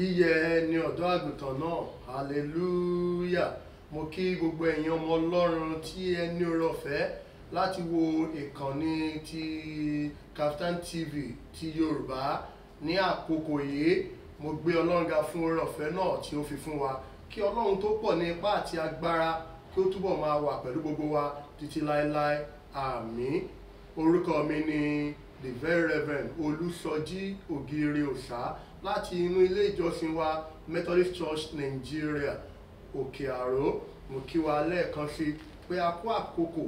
yíyẹ ẹni ọ̀dọ́ àgùntàn náà hallelujah mo kí gbogbo ẹ̀yin ọmọ ọlọ́run tí ẹ ní láti wo ìkànnì ti captain TV ti yorùbá ní àkókò yìí mo gbé ọlọ́run ga fún oore ọ̀fẹ́ náà tí ó fi fún wa kí ọlọ́run tó pọ̀ ní ipá àti agbára kí ó túbọ̀ máa wà pẹ̀lú gbogbo wa títí láéláé àmín orúkọ mi ni the very reverend olùsọjí ògiri òṣà láti inú ilé ìjọsìn wa Methodist Church Nigeria Òkè Àró mo kí wa lẹ́ẹ̀kan sí pé a kó àkókò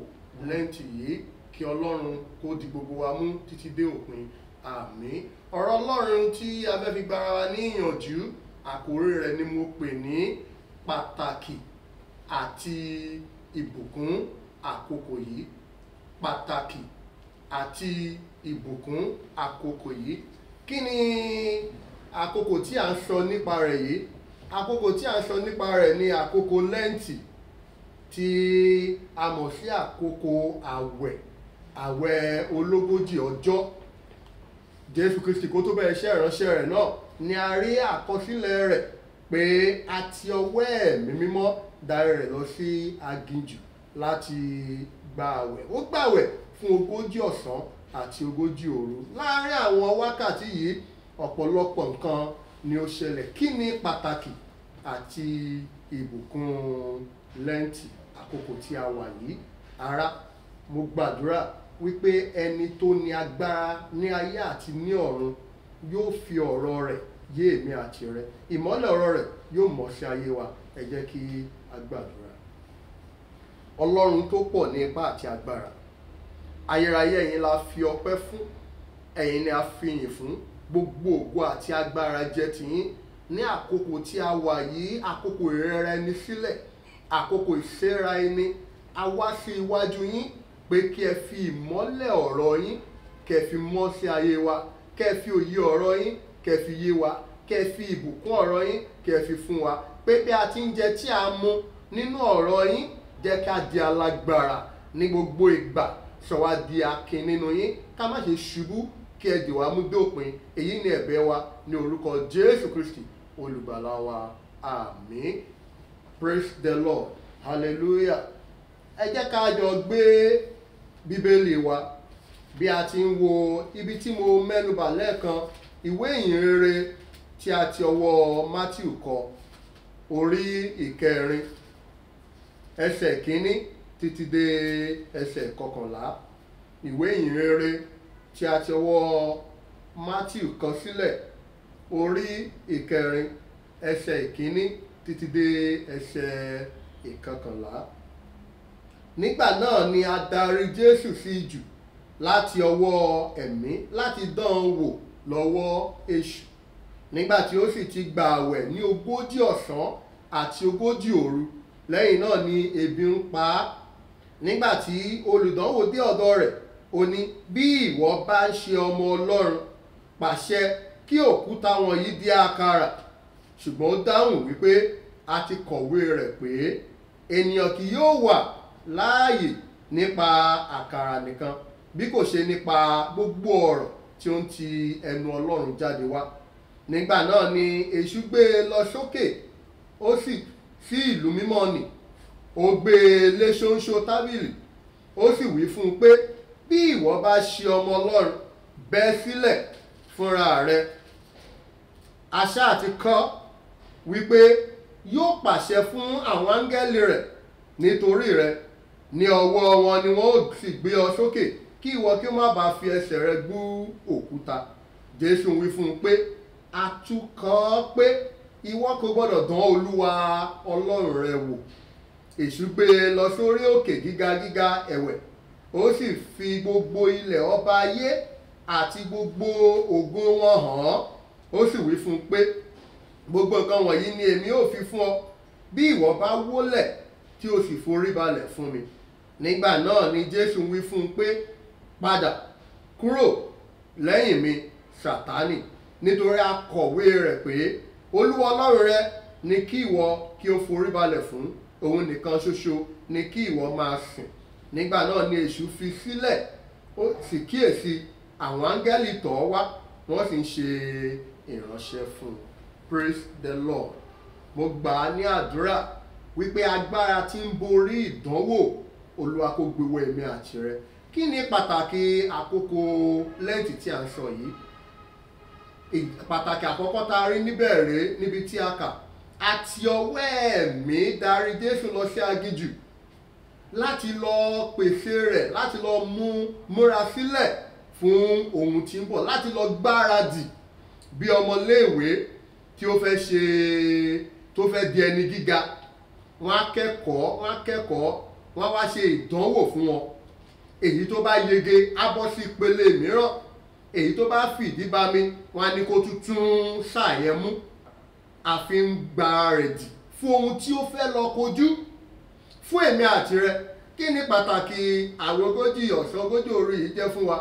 lẹ́ǹtì yìí kí Ọlọ́run kó di gbogbo wa mú títí dé òpin àmín ọ̀rọ̀ Ọlọ́run tí a fẹ́ fi gbára wa ní ìyànjú àkórí rẹ̀ ni mo pè ní pàtàkì àti ìbùkún àkókò yìí pàtàkì àti ìbùkún àkókò yìí kí ni àkókò tí à ń sọ nípa rẹ̀ yìí àkókò tí à ń sọ nípa rẹ̀ ni àkókò lẹ́ǹtì tí a mọ̀ sí àkókò àwẹ̀ àwẹ̀ ológójì ọjọ́ jésù kristi kó tó bẹ̀rẹ̀ iṣẹ́ ìránṣẹ́ rẹ̀ náà ni a rí àkọsílẹ̀ rẹ̀ pé a ti ọwọ́ ẹ̀mí mímọ́ darí rẹ̀ lọ sí aginjù láti gba àwẹ̀ ó gbàwẹ̀ fún ogójì ọ̀sán àti ogójì òru láàárín àwọn wákàtí yìí ọ̀pọ̀lọpọ̀ nǹkan ni ó ṣẹlẹ̀ kí ni pàtàkì àti ìbùkún lẹ́ǹtì àkókò tí a wà yìí ara mo gbàdúrà wípé ẹni tó ní agbára ní ayé àti ní ọ̀run yóò fi ọ̀rọ̀ rẹ̀ yé èmi àti rẹ ìmọ́lẹ̀ ọ̀rọ̀ rẹ̀ yóò mọ̀ sí ayé wa ẹ jẹ́ kí a gbàdúrà ọlọ́run tó pọ̀ ní ipá àti agbára ayérayé ẹ̀yin la fi ọpẹ́ fún ẹ̀yin ni a fi yìn fún gbogbo ògo àti agbára jẹ́ tìyín ní àkókò tí a wà yìí àkókò ìrẹ́ra ẹni sílẹ̀ àkókò ìfẹ́ra ẹni a wá sí iwájú yín pé kí ẹ fi ìmọ́lẹ̀ ọ̀rọ̀ yín kẹ́ fi mọ́ sí ayé wa kẹ́ fi òye ọ̀rọ̀ yín kẹ́ fi yé wa kẹ́ fi ìbùkún ọ̀rọ̀ yín kẹ́ fi fún wa pé bí a ti ń jẹ tí a mu nínú ọ̀rọ̀ yín jẹ́ ká di alágbára ní gbogbo ìgbà sọ wá di akin nínú yín ká má ṣe ṣubú kí ẹ dì wá mú dópin èyí ni ẹ̀bẹ̀ wa ní orúkọ Jésù Kristi olùgbàlà wa àmín praise the Lord hallelujah ẹ jẹ́ ká jọ gbé bíbélì wa bí a ti ń wo ibi tí mo mẹ́nubà lẹ́ẹ̀kan ìwé ìyìnrere tí a ti ọwọ́ Matthew kọ orí ìkẹrin ẹsẹ̀ kínní títí dé ẹsẹ̀ kọkànlá ìwé ìyìnrere tí a ti ọwọ́ Matthew kọ sílẹ̀ orí ìkẹrin ẹsẹ̀ ìkíní títí dé ẹsẹ̀ ìkọkànlá nígbà náà ni a Jésù sí jù láti ọwọ́ ẹ̀mí láti dán wò lọ́wọ́ èṣù nígbà tí ó sì ti gba àwẹ̀ ní ogójì ọ̀sán àti ogójì òru lẹ́yìn náà ni ebi ń pa á nígbà tí olùdánwò dé ọ̀dọ̀ rẹ̀ ó ní bí ìwọ bá ń ṣe ọmọ ọlọ́run pàṣẹ kí òkúta wọ̀nyí di àkàrà ṣùgbọ́n ó dáhùn wípé a ti kọ̀wé rẹ̀ pé ènìyàn kì yóò wà láàyè nípa àkàrà nìkan bí kò ṣe nípa gbogbo ọ̀rọ̀ tí ó ń ti ẹnu ọlọ́run jáde wá nígbà náà ni èṣù gbé e lọ sókè ó sì fi ìlú mímọ́ nì ó gbé e lé ṣóńṣó tábìlì ó sì wí fún un pé bí ìwọ bá ṣe ọmọ ọlọ́run bẹ́ sílẹ̀ fúnra rẹ àṣà àti kọ́ wípé yóò pàṣẹ fún àwọn áńgẹ́lì rẹ̀ nítorí rẹ ní ọwọ́ wọn ni wọ́n ó sì gbé ọ sókè kí ìwọ kí ó má bàa fi ẹsẹ̀ rẹ gbú òkúta jésù wí fún un pé atukọ̀ pé ìwọ kò gbọ́dọ̀ dán olúwa ọlọ́run rẹ wò èṣù gbé e lọ sórí òkè gíga gíga ẹ̀wẹ̀ ó sì fi gbogbo ilẹ̀ ọba ayé àti gbogbo ògo wọn hàn ó sì wí fún un pé gbogbo nǹkan wọ̀nyí ni èmi ó fi fún ọ bí ìwọ bá wólẹ̀ tí o sì forí balẹ̀ fún mi nígbà náà ni jésù wí fún un pé padà kúrò lẹ́yìn mi sátánì nítorí akọ̀wé rẹ̀ pé olúwa ọlọ́run rẹ ni kí ìwọ kí o forí balẹ̀ fún òun nìkan ṣoṣo ni kí ìwọ máa sìn nígbà náà ni èṣù fi sílẹ̀ ó sì kíyèsí àwọn áńgẹ́lì tọ̀ ọ́ wá wọ́n sì ń ṣe ìránṣẹ́ fún un praise the lord mo gbà á ní àdúrà wípé agbára tí ń borí ìdánwò olúwa kó gbéwò ẹ̀mí àti rẹ kí ni pàtàkì àkókò lẹ́ǹtì tí a ń sọ yìí pàtàkì àkọ́kọ́ tá a rí níbẹ̀ rèé níbi tí a kà àti ọwọ́ ẹ̀mí darí jésù lọ sí aginjù láti lọ pèsè rẹ̀ láti lọ mú múra sílẹ̀ fún ohun tí ń bọ̀ láti lọ gbáradì bí ọmọléèwé tí ó fẹ́ ṣe tó fẹ́ di ẹni gíga wọ́n á kẹ́kọ̀ọ́ wọ́n á kẹ́kọ̀ọ́ wọ́n á wá ṣe ìdánwò fún wọn èyí tó bá yege á bọ́ sí ìpele mìíràn èyí tó bá fìdí bá mi wọ́n á ní kó tuntun ṣàyẹ̀mú àfi ń gba fún ohun tí ó fẹ́ lọ kojú fún èmi àti rẹ kí ni pàtàkì àwọn ogójì ọ̀sán ogójì òru yìí jẹ́ fún wa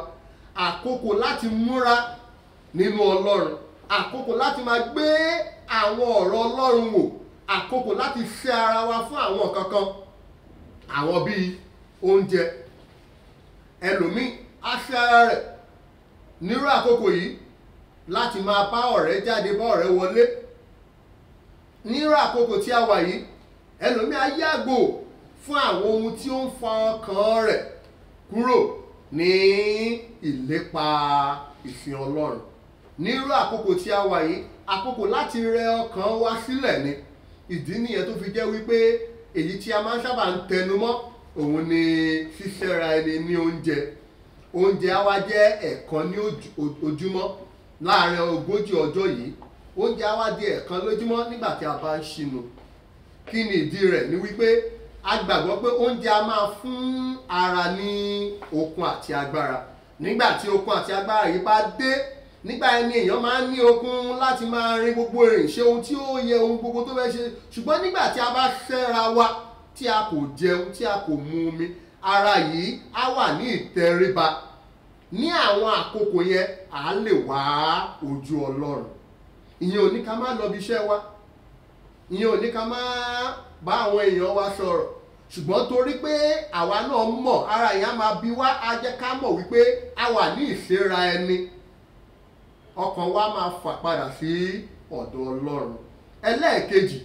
àkókò láti múra nínú ọlọ́run àkókò láti máa gbé àwọn ọ̀rọ̀ ọlọ́run wò àkókò láti fẹ́ ara wa fún àwọn kankan àwọn bíi oúnjẹ ẹlòmíì á fẹ́ ara rẹ̀ nírú àkókò yìí láti máa bá ọ̀rẹ́ jáde bá ọ̀rẹ́ wọlé nírú àkókò tí a wà yìí ẹlòmíì á yàgò fún àwọn ohun tí ó ń fa ọkàn rẹ̀ kúrò ní ìlépa ìsìn Ọlọ́run nírú àkókò tí a wà yìí àkókò láti rẹ ọkàn wa sílẹ̀ ni ìdí nìyẹn tó fi jẹ́ wípé èyí tí a máa ń sábà ń tẹnu mọ́ òun ni ṣíṣẹ́ra ẹni ní oúnjẹ oúnjẹ á wá jẹ́ ẹ̀kan ní ojúmọ́ láàárín ogójì ọjọ́ yìí oúnjẹ á wá di ẹ̀kan lójúmọ́ nígbà tí a bá ń ṣinu kí ni ìdí rẹ̀ ni wípé a gbàgbọ́ pé oúnjẹ a máa fún ara ní okun àti agbára nígbà tí okun àti agbára yìí bá dé nígbà ẹni èèyàn máa ń ní okun láti máa rin gbogbo ìrìn ṣe ohun tí ó yẹ ohun gbogbo tó fẹ́ ṣe ṣùgbọ́n nígbà tí a bá fẹ́ra wa tí a kò jẹun tí a kò mu omi ara yìí á wà ní ìtẹríba ní àwọn àkókò yẹn à á lè wá ojú ọlọ́run ìyẹn ò ní ká má lọ bí iṣẹ́ wa ìyẹn ò ní ká má bá àwọn èèyàn wa sọ̀rọ̀ ṣùgbọ́n torí pé àwa náà mọ̀ ara ìyá máa bí wá á jẹ́ ká mọ̀ wípé a wà ní ìṣera ẹni ọkàn wa máa fà padà sí ọ̀dọ̀ ọlọ́run ẹlẹ́ẹ̀kejì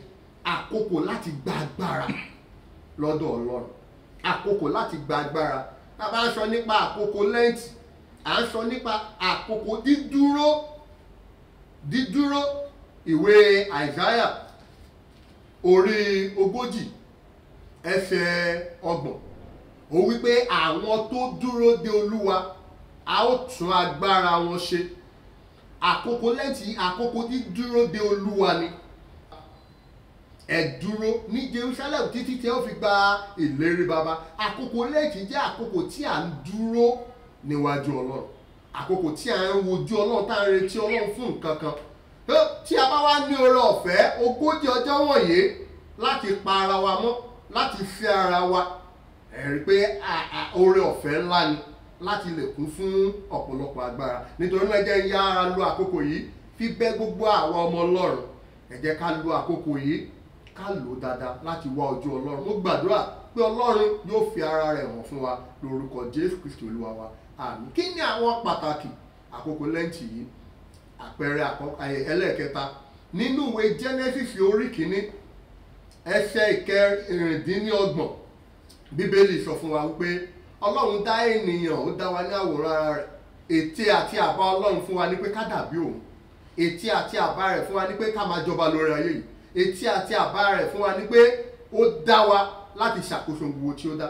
àkókò láti gba agbára lọ́dọ̀ ọlọ́run àkókò láti gba agbára a bá ń sọ nípa àkókò lẹ́ǹtì à ń orí ogójì ẹsẹ̀ ọgbọ̀n ó wípé àwọn tó dúró de olúwa a ó tún agbára wọn ṣe àkókò lẹ́tì àkókò dídúró de olúwa ni ẹ dúró ní Jerusalem títí tí ó fi gba ìlérí baba àkókò lẹ́tì jẹ́ àkókò tí à ń dúró níwájú ọlọ́run àkókò tí à ń wojú ọlọ́run tá à ń retí ọlọ́run fún nǹkan kan. kan tí a bá wá ní oore ọ̀fẹ́ ogójì ọjọ́ wọ̀nyí láti pa ara wa mọ́ láti fi ara wa ẹ̀rí pé oore ọ̀fẹ́ ńlá ni láti lè kún fún ọ̀pọ̀lọpọ̀ agbára nítorí náà jẹ́ yá ara lo àkókò yìí fi bẹ́ gbogbo àwa ọmọ ọlọ́run ẹ jẹ́ ká lo àkókò yìí ká lò dáadáa láti wá ojú ọlọ́run mo gbàdúrà pé ọlọ́run yóò fi ara rẹ̀ hàn fún wa lórúkọ jésù kristi olúwa wa àmín kí ni àwọn pàtàkì àkókò lẹ́ǹtì yìí àpẹẹrẹ ẹlẹ́ẹ̀kẹta nínú ìwé Genesis orí kìíní ẹsẹ̀ ìkẹrìndínlọ́gbọ̀n bíbélì sọ fún wa wípé ọlọ́run dá ènìyàn ó dá wa ní àwòrán ara rẹ̀ ète àti àbá ọlọ́run fún wa ní pé ká dàbí òun ète àti àbá rẹ̀ fún wa ní pé ká máa jọba lórí ayé yìí ète àti àbá rẹ̀ fún wa ní pé ó dá wa láti ṣàkóso gbogbo tí ó dá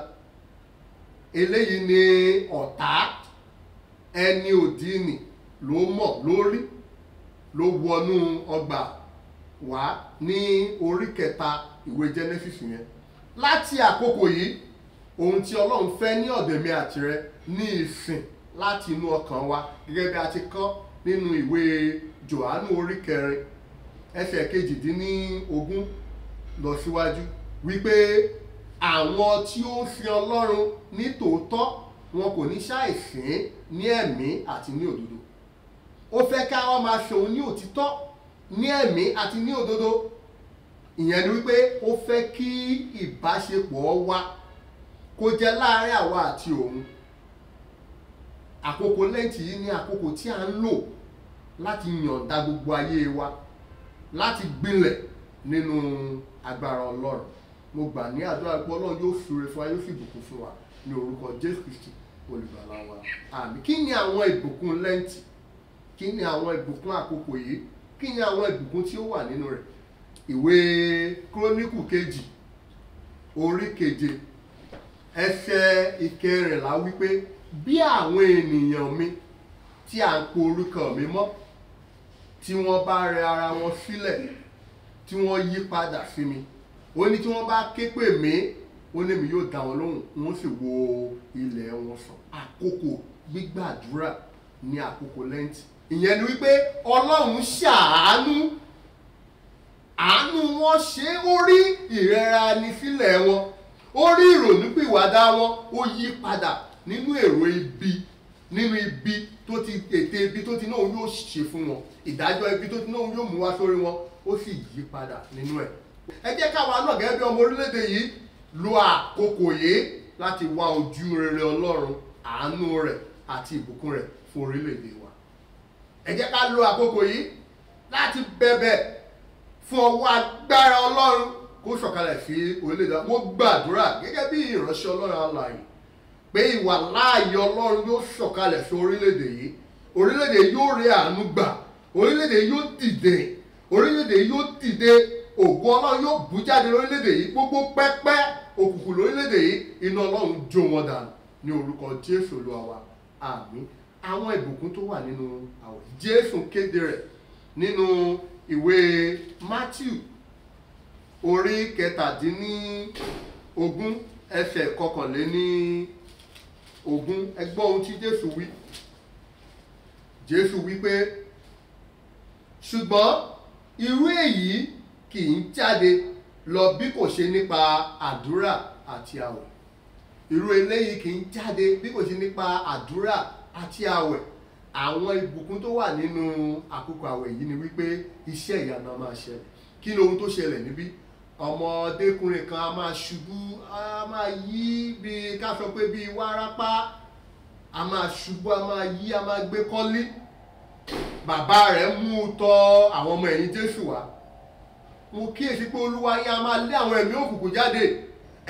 eléyìí ni ọ̀tá ẹni òdì ló mọ̀ lórí ló wọnú ọgbà wá ní orí kẹta ìwé Genesis yẹn láti àkókò yìí ohun tí Ọlọ́run fẹ́ ní ọ̀dẹ̀mí àtìrẹ ní ìsìn láti inú ọkàn wa gẹ́gẹ́ bí a ti kọ́ nínú ìwé Jòhánù orí kẹrin ẹsẹ̀ kejìdínlógún lọ síwájú wípé àwọn tí ó ń sin Ọlọ́run ní tòótọ́ wọn kò ní ṣàìsìn ní ẹ̀mí àti ní òdodo ó fẹ́ ká wọ́n máa ṣòun ní òtítọ́ ní ẹ̀mí àti ní òdodo ìyẹn ni wípé ó fẹ́ kí ìbáṣepọ̀ wa kó jẹ́ láàárín àwa àti òun àkókò lẹ́ǹtì yìí ni àkókò tí a ń lò láti yọ̀ǹda gbogbo ayé wa láti gbilẹ̀ nínú agbára ọlọ́run mo gbà ní àdúrà pé ọlọ́run yóò fure fún wa yóò fi ìbùkún fún wa ní orúkọ jésù kristi olùgbàlà wa àmín kí ni àwọn ìbùkún lẹ́ǹtì kí ni àwọn ìbùkún àkókò yìí kí ni àwọn ìbùkún tí ó wà nínú rẹ̀ ìwé kírónìkù kejì orí keje ẹsẹ̀ ìkẹrìnlá wípé bí àwọn ènìyàn mi tí à ń po orúkọ mi mọ́ tí wọ́n bá rẹ ara wọn sílẹ̀ tí wọ́n yí padà sí mi ó ní tí wọ́n bá ké pè mí ó ní mi yóò dá wọn lóhùn wọ́n sì wo ilẹ̀ wọn sàn àkókò gbígbàdúrà ní àkókò lẹ́ǹtì ìyẹn ni wípé ọlọ́run ṣàánú àánú wọn ṣe ó rí ìrẹ́ra ni fílẹ̀ wọn ó rí ìrònúpìwàdà wọn ó yí padà nínú èrò ibi nínú ibi tó ti ète ibi tó ti náà yóò ṣe fún wọn ìdájọ́ ibi tó ti náà yóò mú wá sórí wọn ó sì yí padà nínú ẹ̀. ẹ jẹ́ káwa náà gẹ́gẹ́ bí ọmọ orílẹ̀-èdè yìí lo àkókò yìí láti wá ojú rere ọlọ́run àánú rẹ̀ àti ìbùkún rẹ̀ fún orílẹ̀-èdè wa ẹ jẹ́ ká lo àkókò yìí láti bẹ̀bẹ̀ fún ọwọ́ agbára ọlọ́run kó sọ̀kalẹ̀ sí orílẹ̀-èdè mo gbàdúrà gẹ́gẹ́ bí ìránṣẹ́ ọlọ́run alààyè pé ìwà láàyè ọlọ́run yóò sọ̀kalẹ̀ sí orílẹ̀-èdè yìí orílẹ̀-èdè yóò rí àánú gbà orílẹ̀-èdè yóò dìde orílẹ̀-èdè yóò dìde ògo ọlọ́run yóò bú jáde lórílẹ̀-èdè yìí gbogbo pẹ́pẹ́ òkùnkùn lórílẹ̀-èdè yìí iná ọlọ́run jó wọn dànù ní orúkọ jésù olúwa wa àmín àwọn ìbùkún tó wà nínú àwẹ̀ jésù kéde rẹ̀ nínú ìwé matthew orí kẹtàdínlógún ẹsẹ̀ kọkànléní ogún ẹ gbọ́ ohun tí jésù wí jésù wí pé ṣùgbọ́n irú èyí kì í jáde lọ bí kò ṣe nípa àdúrà àti àwẹ̀ irú eléyìí kì í jáde bí kò ṣe nípa àdúrà àti àwẹ̀ àwọn ìbùkún tó wà nínú àkókò àwẹ̀ yìí ni wípé iṣẹ́ ìyanu máa ṣẹlẹ̀ kí ni ohun tó ṣẹlẹ̀ níbí ọmọdékùnrin kan a máa ṣubú a máa yí bí ká sọ pé bí wárápá a máa ṣubú a máa yí a máa gbé kọ́lí bàbá rẹ̀ mú un tọ̀ àwọn ọmọ ẹ̀yìn Jésù wá mo kíyèsí pé olúwa yín a máa lé àwọn ẹ̀mí òkùnkùn jáde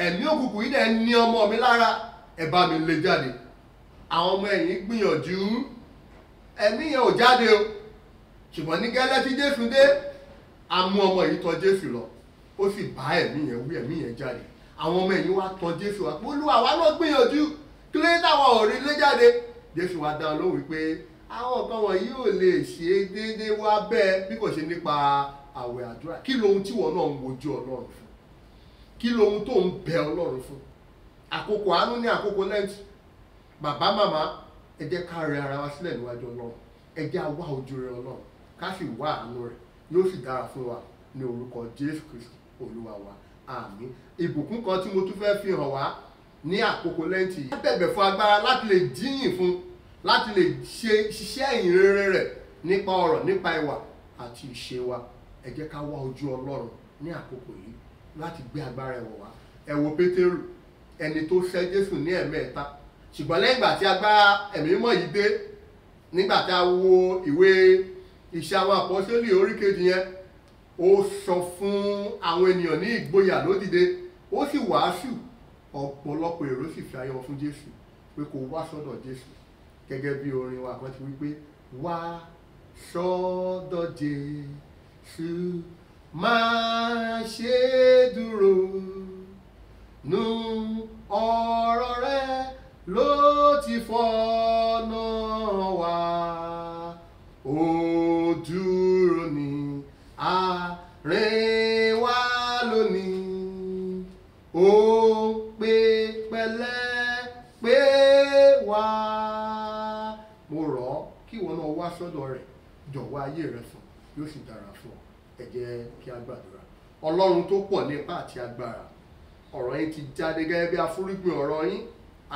ẹ̀mí òkùnkùn yìí dẹ̀ ní ọmọ mi lára ẹ bá mi lé jáde àwọn ọmọ ẹ̀yìn gbìyànjú ẹ̀mí yẹn ò jáde o ṣùgbọ́n ní gẹ́lẹ́ tí Jésù dé a mú ọmọ yìí tọ̀ Jésù lọ ó sì bá ẹ̀mí yẹn wí ẹ̀mí yẹn jáde àwọn ọmọ ẹ̀yìn wa tọ̀ Jésù wá pé Olúwa wa ló gbìyànjú kí táwọn ò lé jáde Jésù wa dá lóhùn wípé àwọn nǹkan wọ̀nyí ò lè ṣe é déédéé wá bẹ́ẹ̀ bí kò ṣe nípa àwẹ̀ àdúrà kí lohun tí wọn náà ń wojú Ọlọ́run fún kí lohun tó ń bẹ Ọlọ́run fún àkókò àánú ní àkókò lẹ́ǹtì bàbá màmá ẹ jẹ́ ká rẹ ara wa sílẹ̀ níwájú ọlọ́run ẹ jẹ́ àwa ojú rẹ ọlọ́run ká sì wá àánú rẹ yóò sì dára fún wa ní orúkọ jésù kristu olúwa wa àmín ìbùkún kan tí mo tún fẹ́ fi hàn wá ní àkókò lẹ́ǹtì yìí bẹ̀bẹ̀ fún agbára láti lè jíyìn fún láti lè ṣe ṣiṣẹ́ ìyìn rere rẹ̀ nípa ọ̀rọ̀ nípa ìwà àti ìṣe wa ẹ jẹ́ ká wá ojú ọlọ́run ní àkókò yìí láti gbé agbára ẹ̀wọ̀ wá ẹ pétérù ẹni tó ṣẹ́ jésù ní ẹ̀mẹ́ta ṣùgbọ́n lẹ́yìn ìgbà tí a gbá ẹ̀mí mímọ́ yìí dé nígbà tá a wo ìwé iṣẹ́ àwọn àpọ́sítélì orí kejì yẹn ó sọ fún àwọn ènìyàn ní ìgboyà lódìde ó sì wàásù ọ̀pọ̀lọpọ̀ èrò sì fi ayọ̀ fún Jésù pé kò wá sọ́dọ̀ Jésù gẹ́gẹ́ bí orin wa kan ti wí pé wá sọ́dọ̀ Jésù máa ṣe dúró nu ọ̀rọ̀ rẹ̀ ló ti fọ́nà wá ó dúró ní àárín wa lónìí ó pé pẹ̀lẹ́ pé wá mo rọ̀ ọ́ kí ìwọ náà wá sọ́dọ̀ rẹ̀ jọ̀wọ́ ayé rẹ̀ sùn yóò sì dára fún ọ ẹ jẹ́ kí a gbàdúrà ọlọ́run tó pọ̀ nípa àti agbára ọ̀rọ̀ yín ti jáde gẹ́gẹ́ bí afúrúgbìn ọ̀rọ̀ yín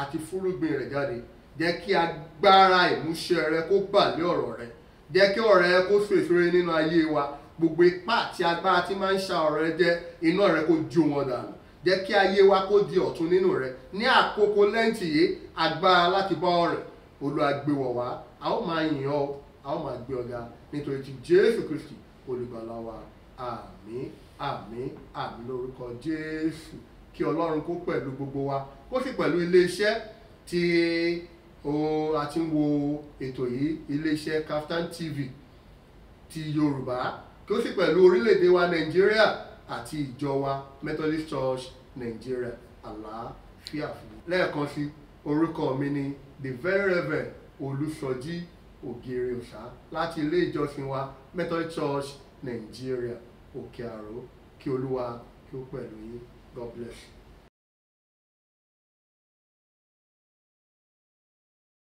àti fúrúgbìn rẹ̀ jáde jẹ́ kí agbára ìmúṣẹ rẹ kó bà lé ọ̀rọ̀ rẹ jẹ́ kí ọ̀rọ̀ rẹ kó fèrè fèrè nínú ayé wa gbogbo ipá àti agbára tí máa ń ṣa ọ̀rọ̀ rẹ jẹ́ iná rẹ kó jó wọn dànù jẹ́ kí ayé wa kó di ọ̀tun nínú rẹ ní àkókò lẹ́ǹtì yìí agbára láti bá ọ̀rẹ́ Olúwa wá a ó máa yìn ọ́ a ó máa gbé ọ̀gá nítorí ti Jésù Kristi olùgbàlà wa àmín àmín àmín lórúkọ Jésù kí Ọlọ́run kó pẹ̀lú gbogbo wa ó sì pẹ̀lú iléeṣẹ́ tí a ti ń wo ètò yìí iléeṣẹ́ Kaftan TV ti Yorùbá kí ó sì pẹ̀lú orílẹ̀-èdè wa Nàìjíríà àti ìjọ wa Methodist Church Nàìjíríà àlàáfíà fún mi. lẹ́ẹ̀kan sí orúkọ mi ni the very reverend Olùsọjí Ògèrè Òṣà láti ilé ìjọsìn wa Methodist Church Nàìjíríà Òkè Àró kí Olúwa kí ó pẹ̀lú yín God bless you.